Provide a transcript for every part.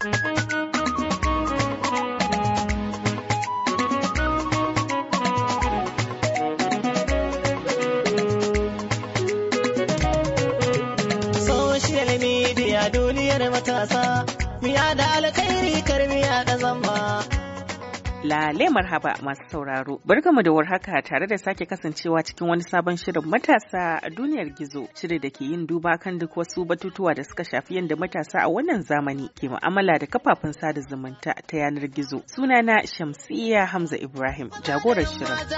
Social media duniyar matasa, miya da alkhairi karmiya da zamba. Lale marhaba masu sauraro. mu da warhaka tare da sake kasancewa cikin wani sabon shirin matasa a duniyar gizo, shirin da ke yin duba kan duk wasu batutuwa da suka shafi yadda matasa a wannan zamani ke mu'amala da kafafen sada zumunta ta yanar gizo. Sunana Shamsiyya Hamza Ibrahim, jagorar shirin.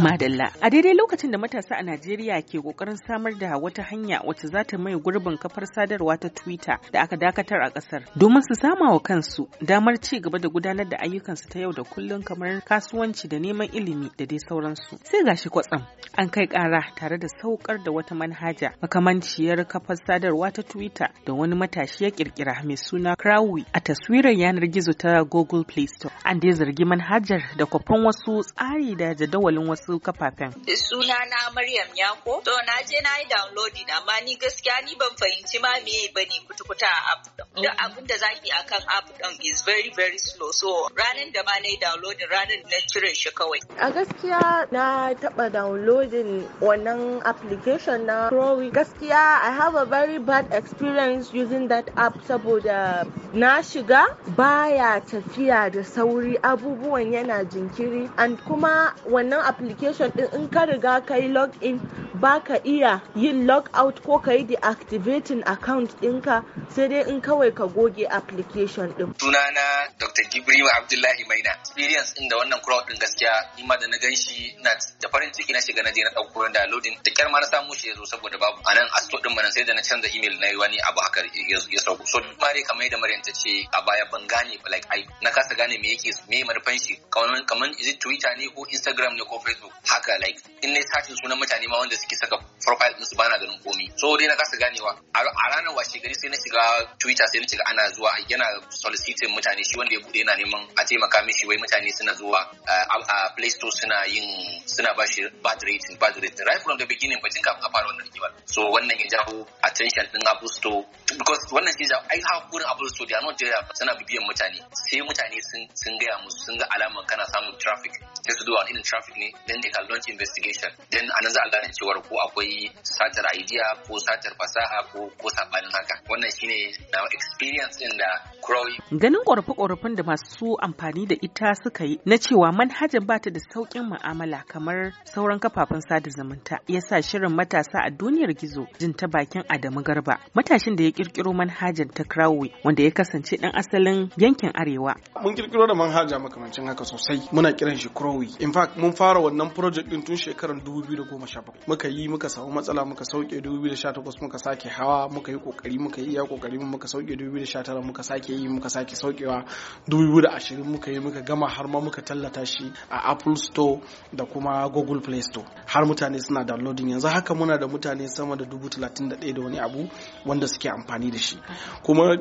Madalla. A daidai lokacin da matasa a Najeriya ke kokarin samar da wata hanya wacce za ta mai gurbin kafar sadarwa ta Twitter da aka dakatar a ƙasar. domin su sama wa kansu damar ci gaba da gudanar da ayyukansu ta yau da kullum kamar kasuwanci da neman ilimi da dai sauransu. Sai gashi kwatsam an kai ƙara, tare da saukar da wata manhaja makamanciyar kafar sadarwa ta Twitter da wani matashi ya kirkira mai suna Crowley a taswirar yanar gizo ta Google Play Store. An dai zargi manhajar da kwafan wasu tsari da jadawalin wasu wasu kafafen. Suna na Maryam Yako. To na je na yi downloading amma ni gaskiya ni ban fahimci ma me bane kutukuta a app din. Mm. abin da zaki akan app din is very very slow. So ranar da ma na yi downloading ranar na cire shi kawai. A gaskiya na taba downloading wannan application na Crowy. Gaskiya I have a very bad experience using that app saboda na shiga baya tafiya da sauri abubuwan yana jinkiri and kuma wannan application application din in ka riga ka yi log in baka iya yin log out ko ka yi deactivating account ɗinka sai dai in kawai ka goge application ɗin. na Dr. Gibrima Abdullahi Maina. Experience ɗin da wannan crowd ɗin gaskiya ni ma da na gan shi na da farin ciki na shiga na je na ɗauko da lodin. da kyar ma na samu shi ya zo saboda babu a nan asto ɗin mana sai da na canza email na wani abu haka ya sauko. So duk mare kamar yadda Maryam ce a baya ban gane like ai na kasa gane me yake me manufan shi kamar kamar Twitter ne ko Instagram ne ko Facebook haka like in ne satin sunan mutane ma wanda suke suke saka profile ɗinsu bana ganin komai so dai na kasa ganewa a ranar washe gari sai na shiga twitter sai na shiga ana zuwa yana soliciting mutane shi wanda ya bude yana neman a taimaka mishi wai mutane suna zuwa eh, a play store suna yin suna ba shi bad rating bad rating right from the beginning bacin kafin a fara wannan rigimar so wannan ya jawo attention din apple store because wannan shi jawo ai gurin apple store da not there suna bibiyan mutane sai mutane sun sun gaya musu sun ga alamar kana samun traffic sai su duba irin traffic ne then they can launch investigation then anan za a gane cewar farko akwai satar idea ko satar fasaha ko ko sabanin haka wannan shine na experience din da Crowley ganin ƙorafi-ƙorafin da masu amfani da ita suka yi na cewa manhajar ba ta da sauƙin mu'amala kamar sauran kafafen sada zumunta yasa shirin matasa a duniyar gizo jin ta bakin Adamu Garba matashin da ya kirkiro manhajar ta Crowley wanda ya kasance dan asalin yankin arewa mun kirkiro da manhaja makamancin haka sosai muna kiran shi Crowley in fact mun fara wannan project din tun shekarar 2017 muka yi muka samu matsala muka sauke 2018 muka sake hawa muka yi kokari muka yi iya kokari muka sauke 2019 muka sake yi muka sake saukewa 2020 muka yi muka gama har ma muka tallata shi a Apple Store da kuma Google Play Store har mutane suna downloading yanzu haka muna da mutane sama da 31 da wani abu wanda suke amfani da shi kuma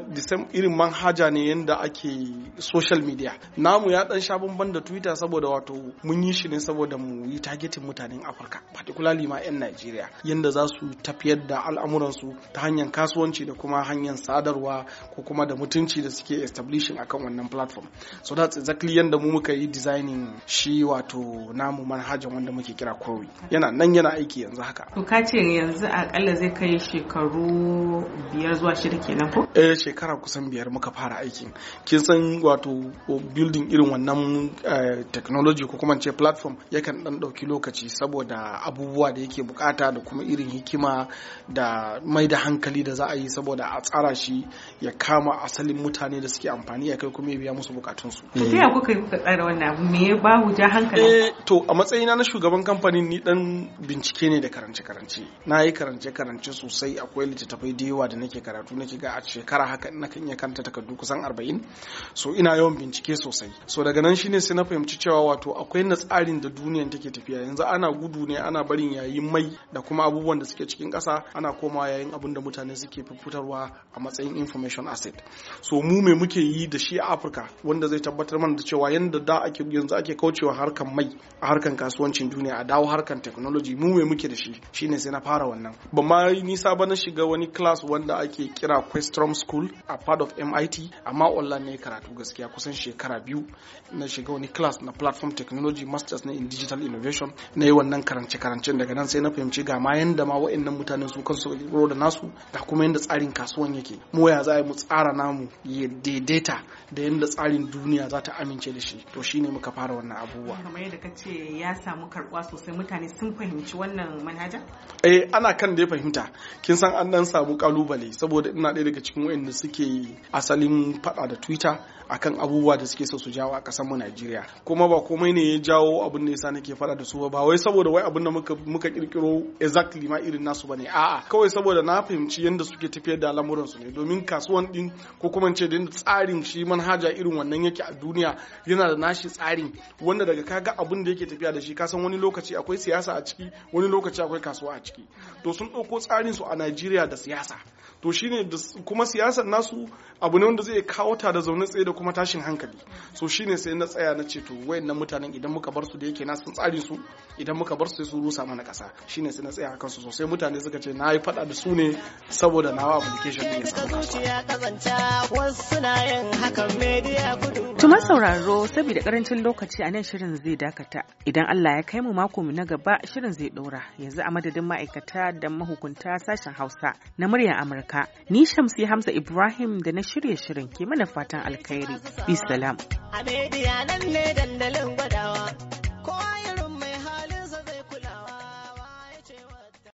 irin manhaja ne yadda ake social media namu ya dan sha bamban da Twitter saboda wato mun yi shi ne saboda mu yi targeting mutanen Afirka particularly ma 'yan Najeriya yadda za su tafiyar da al'amuransu ta hanyar kasuwanci da kuma hanyar sadarwa ko kuma da mutunci da suke establishing akan wannan platform so that's exactly yadda mu muka yi designing shi wato namu manhajan wanda muke kira Kowi yana nan yana aiki yanzu haka to ka ce yanzu akalla zai kai shekaru biyar zuwa shida kenan ko eh shekara kusan biyar muka fara aikin kin san wato building irin wannan eh, technology ko kuma ce platform yakan dan dauki lokaci saboda abubuwa da yake bukata da kuma irin hikima da mai da hankali da za a yi saboda a tsara shi ya kama asalin mutane da suke amfani ya kai kuma ya biya musu bukatunsu. Ta ya kuka yi kuka tsara wannan me ya ba ja hankali? Eh, to a matsayina na shugaban kamfanin ni dan bincike ne da karance-karance. Na yi karance-karance sosai akwai littattafai da yawa da nake karatu nake ga a shekara haka ina kan iya kanta takardu kusan arba'in so ina yawan bincike sosai. So daga nan shine sai na fahimci cewa wato akwai na tsarin da duniyan take tafiya yanzu ana gudu ne ana barin yayi mai da kuma abubuwan da suke cikin ƙasa ana komawa yayin abin da mutane suke fitarwa a matsayin information asset so mu me muke yi da shi a afirka wanda zai tabbatar mana da cewa yadda da ake yanzu ake kaucewa harkan mai a harkan kasuwancin duniya a dawo harkan technology mu me muke da shi shine sai na fara wannan ba ma nisa ba na shiga wani class wanda ake kira Questrom School a part of MIT amma online ne karatu gaskiya kusan shekara biyu na shiga wani class na platform technology masters na in digital innovation na yi wannan karance-karancen daga nan sai sai na fahimci ga ma yanda ma wa'annan mutanen su kansu ro da nasu da kuma yanda tsarin kasuwan yake mu ya za mu tsara namu ya daidaita da yanda tsarin duniya za ta amince da shi to shine muka fara wannan abubuwa kamar yadda kace ya samu karbuwa sosai mutane sun fahimci wannan manhaja eh ana kan da ya fahimta kin san an dan samu kalubale saboda ina ɗaya daga cikin wa'annan suke asalin fada da Twitter akan abubuwa da suke so su jawo a kasar mu Najeriya kuma ba komai ne ya jawo abin da yasa nake fada da su ba wai saboda wai abin da muka muka kirkiro exactly ma irin nasu bane a'a kawai saboda na fahimci yadda suke tafiyar da lamuran su ne domin kasuwan din ko kuma ce din tsarin shi manhaja irin wannan yake a duniya yana da nashi tsarin wanda daga ga abin da yake tafiya da shi ka san wani lokaci akwai siyasa a ciki wani lokaci akwai kasuwa a ciki to sun ɗauko tsarin su a Najeriya da siyasa to shine kuma siyasar nasu abu ne wanda zai kawo ta da zaune tsaye da kuma tashin hankali so shine sai na tsaya na ce to wayannan mutanen idan muka bar su da yake na sun tsarin su idan muka bar su sai su rusa mana kasa shine sai na tsaye a su sosai mutane suka ce na yi faɗa da su ne saboda nawa application din ya samu kasuwa. Tuma sauraro saboda karancin lokaci a nan shirin zai dakata idan Allah ya kai mu mako na gaba shirin zai ɗora yanzu a madadin ma'aikata da mahukunta sashen Hausa na muryar Amurka ni Shamsi Hamza Ibrahim da na shirya shirin ke mana fatan alkhairi. Bisalam. A nan dandalin gwadawa.